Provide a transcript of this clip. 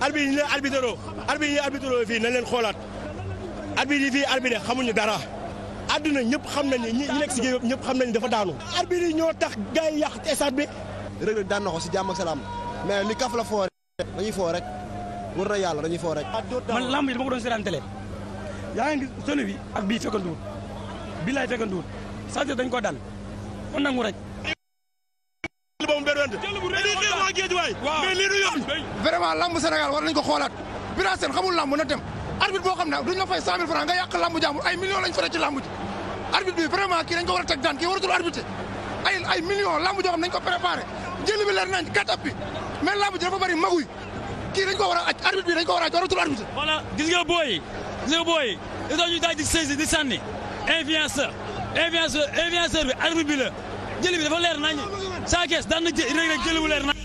arbitre yi ñu arbitre arbitre yi arbitre fii nañ leen xoolaat arbitre yi fii arbitre xamuñu dara àdduna ñëpp xam nañ ne ñi nekk si géej ñëpp xam nañ dafa daanu. arbitre yi ñoo tax gars yi yàq stade bi. Reug Reug daan na ko si jàmm salaam mais li kaf la foo rek dañuy foo rek wër na yàlla dañuy foo rek. man lamb yi dama ko doon seetaan télé yaa ngi gis bi ak bii fekkanduwul billaay fekkanduwul Sadio dañ ko daan on nangu rek. jëlante dañuy xeex waa géej waay mais lii du yoon vraiment lamb Sénégal war nañ ko xoolaat Bira Sène xamul lamb na dem arbitre boo xam ne duñ la fay cent mille nga yàq lamb jàmbur ay millions lañ fere ci lamb bi vraiment kii dañ ko a teg daan kii waratul arbitre ay ay millions lamb joo xam nañ ko préparé jëli bi leer nañ katap bi mais lamb maguy kii dañ ko a aj arbitre bi dañ ko war a aj waratul arbitre voilà gis nga booy gis booy dañu daal di saisir di jëli bi dafa leer nañu Sa Thiès daan na jë rek rek jëli bu leer nañu